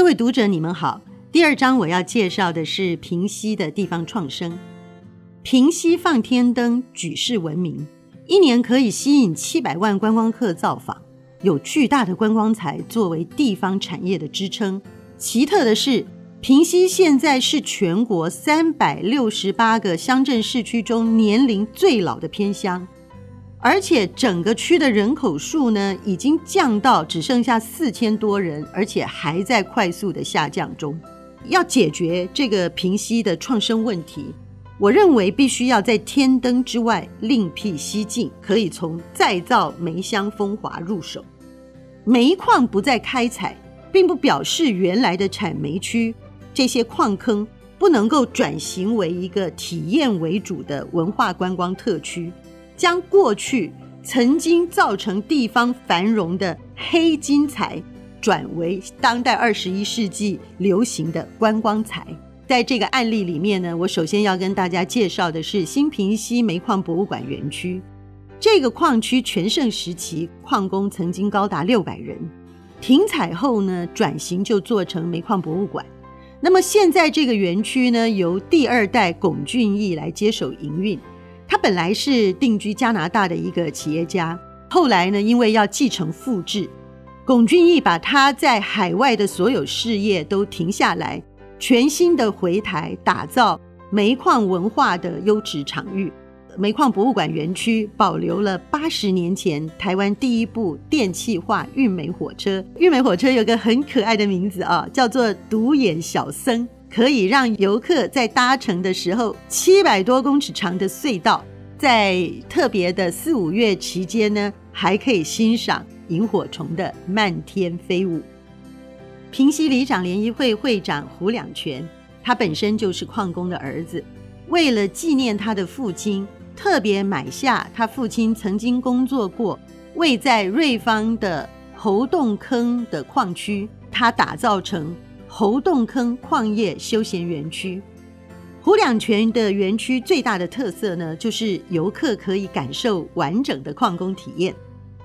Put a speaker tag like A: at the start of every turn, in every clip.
A: 各位讀者，你們好。第二章我要介紹的是平溪的地方創生。平溪放天燈舉世聞名，一年可以吸引七百萬觀光客造訪，有巨大的觀光財作為地方產業的支撐。奇特的是，平溪現在是全國三百六十八個鄉鎮市區中年齡最老的偏鄉。而且整個區的人口數呢，已經降到只剩下四千多人，而且還在快速的下降中。要解決這個平溪的創生問題，我認為必須要在天燈之外另闢蹊徑，可以從再造煤鄉風華入手。煤礦不再開採，並不表示原來的產煤區，這些礦坑不能夠轉型為一個體驗為主的文化觀光特區。將過去曾經造成地方繁榮的黑金財，轉為當代二十一世紀流行的觀光財。在這個案例裡面呢，我首先要跟大家介紹的是新平溪煤礦博物館園區。這個礦區全盛時期，礦工曾經高達六百人。停採後呢，轉型就做成煤礦博物館。那麼現在這個園區呢，由第二代龔俊義來接手營運。他本來是定居加拿大的一個企業家，後來呢，因為要繼承父志，龔俊義把他在海外的所有事業都停下來，全新的回台打造煤礦文化的優質場域，煤礦博物館園區保留了八十年前台灣第一部電氣化運煤火車，運煤火車有個很可愛的名字啊、哦，叫做獨眼小僧。可以讓遊客在搭乘的時候，七百多公尺長的隧道，在特別的四五月期間呢，還可以欣賞螢火蟲的漫天飛舞。平溪里長聯誼會會長胡兩全，他本身就是礦工的兒子，為了紀念他的父親，特別買下他父親曾經工作過、位在瑞芳的猴洞坑的礦區，他打造成。猴硐坑礦業休閒園區，虎兩泉的園區最大的特色呢，就是遊客可以感受完整的礦工體驗。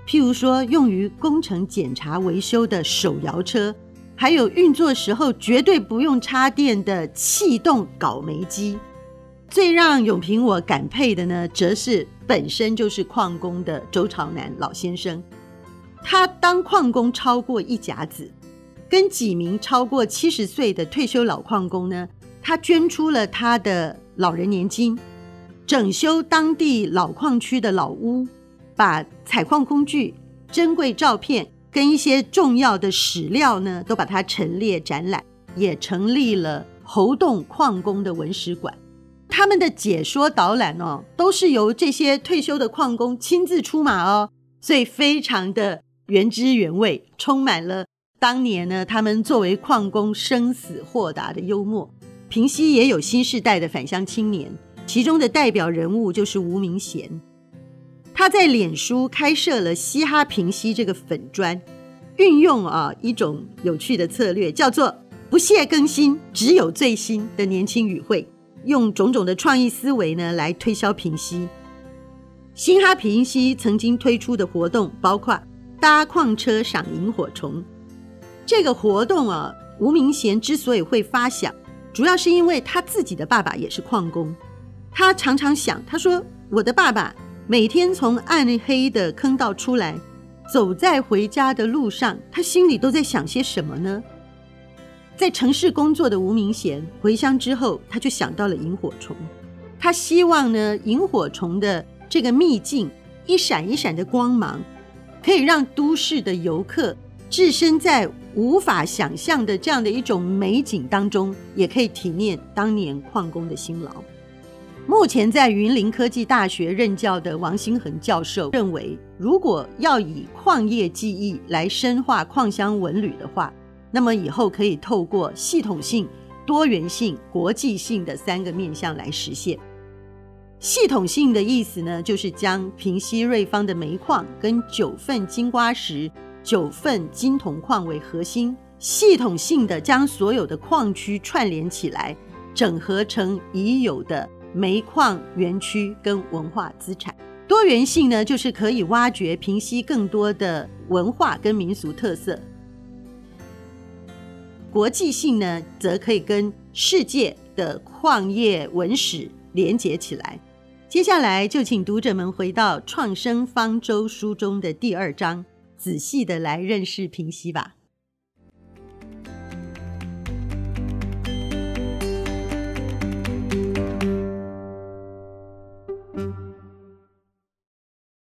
A: 譬如說，用於工程檢查維修的手搖車，還有運作時候絕對不用插電的氣動搞煤機。最讓永平我感佩的呢，則是本身就是礦工的周朝南老先生，他當礦工超過一甲子。跟幾名超過七十歲的退休老礦工呢，他捐出了他的老人年金，整修當地老礦區的老屋，把採礦工具、珍貴照片跟一些重要的史料呢，都把它陳列展覽，也成立了猴硐礦工的文史館。他們的解說導覽哦，都是由這些退休的礦工親自出馬哦，所以非常的原汁原味，充滿了。當年呢，他們作為礦工，生死豁達的幽默。平溪也有新世代的返鄉青年，其中的代表人物就是吳明賢。他在臉書開設了“嘻哈平溪”這個粉專，運用啊一種有趣的策略，叫做不懈更新，只有最新的年輕語彙，用種種的創意思維呢來推銷平溪。嘻哈平溪曾經推出的活動包括搭礦車賞螢火蟲。這個活動啊，吳明賢之所以會發想，主要是因為他自己的爸爸也是礦工。他常常想，他說：“我的爸爸每天從暗黑的坑道出來，走在回家的路上，他心裡都在想些什麼呢？”在城市工作的吳明賢回鄉之後，他就想到了螢火蟲。他希望呢，螢火蟲的這個祕境一閃一閃的光芒，可以讓都市的遊客。置身在無法想象的這樣的一種美景當中，也可以體驗當年礦工的辛勞。目前在雲林科技大學任教的王新恆教授認為，如果要以礦業記憶來深化礦鄉文旅的話，那麼以後可以透過系統性、多元性、國際性的三個面向來實現。系統性的意思呢，就是將平溪瑞芳的煤礦跟九份金瓜石，九份金銅礦為核心，系統性的將所有的礦區串聯起來，整合成已有的煤礦園區跟文化資產。多元性呢，就是可以挖掘、平溪更多的文化跟民俗特色。國際性呢，則可以跟世界的礦業文史連接起來。接下來就請讀者們回到《創生方舟》書中的第二章。仔細的來認識平溪吧。